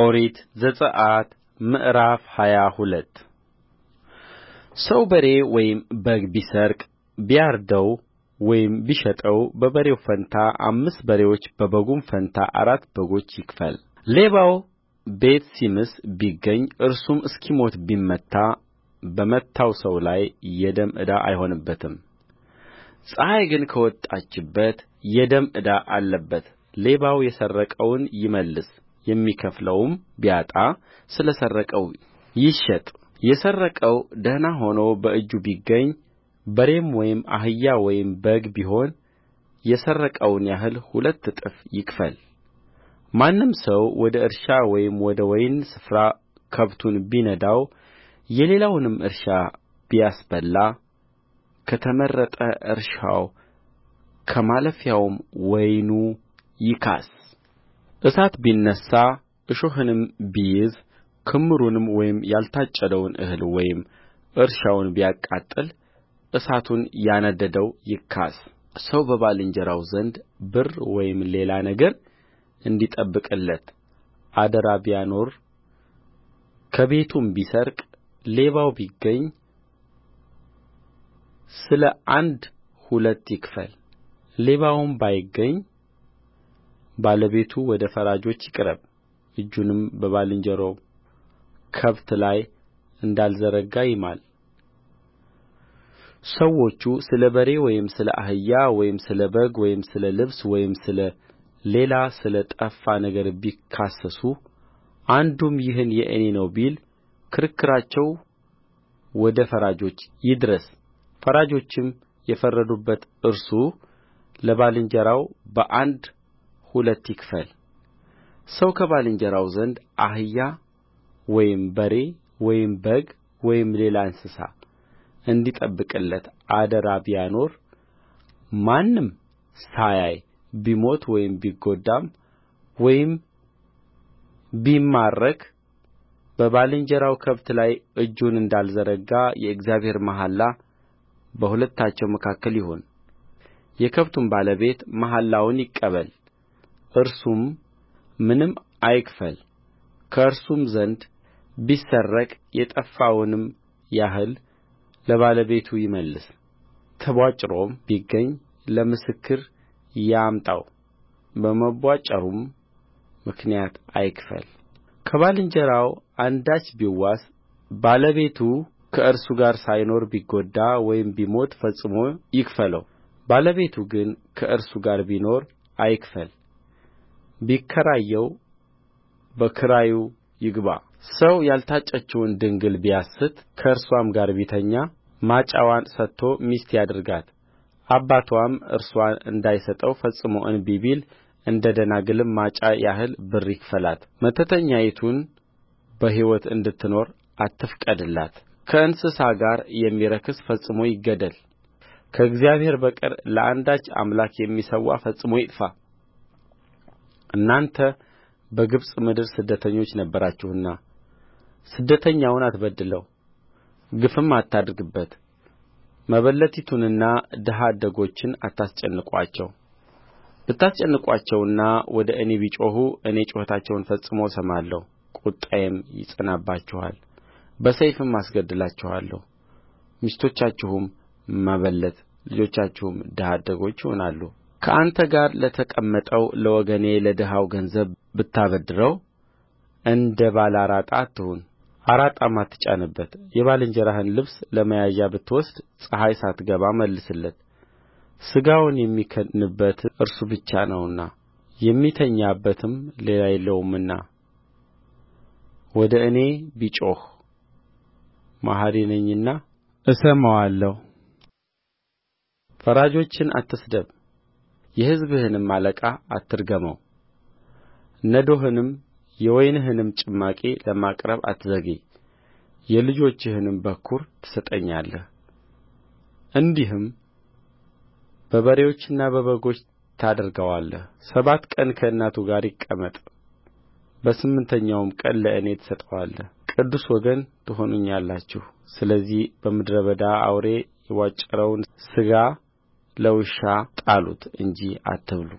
ኦሪት ዘጽአት ምዕራፍ ሃያ ሁለት ሰው በሬ ወይም በግ ቢሰርቅ ቢያርደው ወይም ቢሸጠው በበሬው ፋንታ አምስት በሬዎች በበጉም ፋንታ አራት በጎች ይክፈል ሌባው ቤት ሲምስ ቢገኝ እርሱም እስኪሞት ቢመታ በመታው ሰው ላይ የደም ዕዳ አይሆንበትም ፀሐይ ግን ከወጣችበት የደም ዕዳ አለበት ሌባው የሰረቀውን ይመልስ የሚከፍለውም ቢያጣ ስለ ሰረቀው ይሸጥ የሰረቀው ደኅና ሆኖ በእጁ ቢገኝ በሬም ወይም አህያ ወይም በግ ቢሆን የሰረቀውን ያህል ሁለት እጥፍ ይክፈል ማንም ሰው ወደ እርሻ ወይም ወደ ወይን ስፍራ ከብቱን ቢነዳው የሌላውንም እርሻ ቢያስበላ ከተመረጠ እርሻው ከማለፊያውም ወይኑ ይካስ እሳት ቢነሣ እሾኽንም ቢይዝ ክምሩንም ወይም ያልታጨደውን እህል ወይም እርሻውን ቢያቃጥል እሳቱን ያነደደው ይካስ ሰው በባልንጀራው ዘንድ ብር ወይም ሌላ ነገር እንዲጠብቅለት አደራ ቢያኖር ከቤቱም ቢሰርቅ ሌባው ቢገኝ ስለ አንድ ሁለት ይክፈል ሌባውም ባይገኝ ባለቤቱ ወደ ፈራጆች ይቅረብ እጁንም በባልንጀራው ከብት ላይ እንዳልዘረጋ ይማል ሰዎቹ ስለ በሬ ወይም ስለ አህያ ወይም ስለ በግ ወይም ስለ ልብስ ወይም ስለ ሌላ ስለ ጠፋ ነገር ቢካሰሱ አንዱም ይህን የእኔ ነው ቢል ክርክራቸው ወደ ፈራጆች ይድረስ ፈራጆችም የፈረዱበት እርሱ ለባልንጀራው በአንድ ሁለት ይክፈል ሰው ከባልንጀራው ዘንድ አህያ ወይም በሬ ወይም በግ ወይም ሌላ እንስሳ እንዲጠብቅለት አደራ ቢያኖር ማንም ሳያይ ቢሞት ወይም ቢጎዳም ወይም ቢማረክ በባልንጀራው ከብት ላይ እጁን እንዳልዘረጋ የእግዚአብሔር መሐላ በሁለታቸው መካከል ይሁን የከብቱም ባለቤት መሐላውን ይቀበል እርሱም ምንም አይክፈል ከእርሱም ዘንድ ቢሰረቅ የጠፋውንም ያህል ለባለቤቱ ይመልስ ተቧጭሮም ቢገኝ ለምስክር ያምጣው በመቧጨሩም ምክንያት አይክፈል ከባልንጀራው አንዳች ቢዋስ ባለቤቱ ከእርሱ ጋር ሳይኖር ቢጎዳ ወይም ቢሞት ፈጽሞ ይክፈለው ባለቤቱ ግን ከእርሱ ጋር ቢኖር አይክፈል ቢከራየው በክራዩ ይግባ ሰው ያልታጨችውን ድንግል ቢያስት ከእርስዋም ጋር ቢተኛ ማጫዋን ሰጥቶ ሚስት ያድርጋት አባትዋም እርስዋን እንዳይሰጠው ፈጽሞ እንቢ ቢል እንደ ደናግልም ማጫ ያህል ብር ይክፈላት መተተኛይቱን በሕይወት እንድትኖር አትፍቀድላት ከእንስሳ ጋር የሚረክስ ፈጽሞ ይገደል ከእግዚአብሔር በቀር ለአንዳች አምላክ የሚሠዋ ፈጽሞ ይጥፋ እናንተ በግብፅ ምድር ስደተኞች ነበራችሁና ስደተኛውን አትበድለው ግፍም አታድርግበት መበለቲቱንና ድሀ አደጎችን አታስጨንቁአቸው ብታስጨንቁአቸውና ወደ እኔ ቢጮኹ እኔ ጩኸታቸውን ፈጽሞ እሰማለሁ ቍጣዬም ይጸናባችኋል በሰይፍም አስገድላችኋለሁ ሚስቶቻችሁም መበለት ልጆቻችሁም ድሀ አደጎች ይሆናሉ ከአንተ ጋር ለተቀመጠው ለወገኔ ለድሀው ገንዘብ ብታበድረው እንደ ባለ አራጣ አትሁን አራጣም አትጫንበት የባልንጀራህን ልብስ ለመያዣ ብትወስድ ፀሐይ ሳትገባ መልስለት ሥጋውን የሚከድንበት እርሱ ብቻ ነውና የሚተኛበትም ሌላ የለውምና ወደ እኔ ቢጮኽ መሐሪ ነኝና እሰማዋለሁ ፈራጆችን አትስደብ የሕዝብህንም አለቃ አትርገመው ነዶህንም የወይንህንም ጭማቂ ለማቅረብ አትዘግይ የልጆችህንም በኵር ትሰጠኛለህ እንዲህም በበሬዎችና በበጎች ታደርገዋለህ ሰባት ቀን ከእናቱ ጋር ይቀመጥ በስምንተኛውም ቀን ለእኔ ትሰጠዋለህ ቅዱስ ወገን ትሆኑልኛላችሁ ስለዚህ በምድረ በዳ አውሬ የቧጨረውን ሥጋ ለውሻ ጣሉት እንጂ አትብሉ